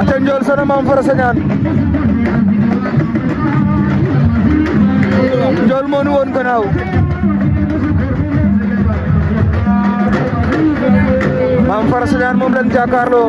aca njool sene maam fara sañaan njool moo nu woon gannaaw maam fara sañaan moom lañ jàkkaarloo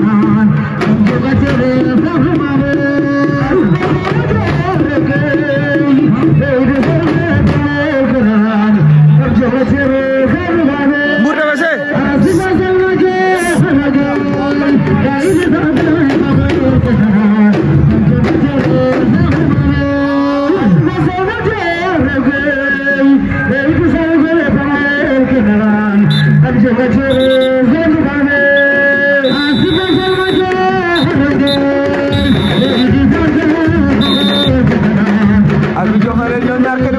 Abi joxe leen ñoom ñaar kenn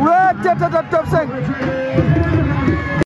Wait, top 5.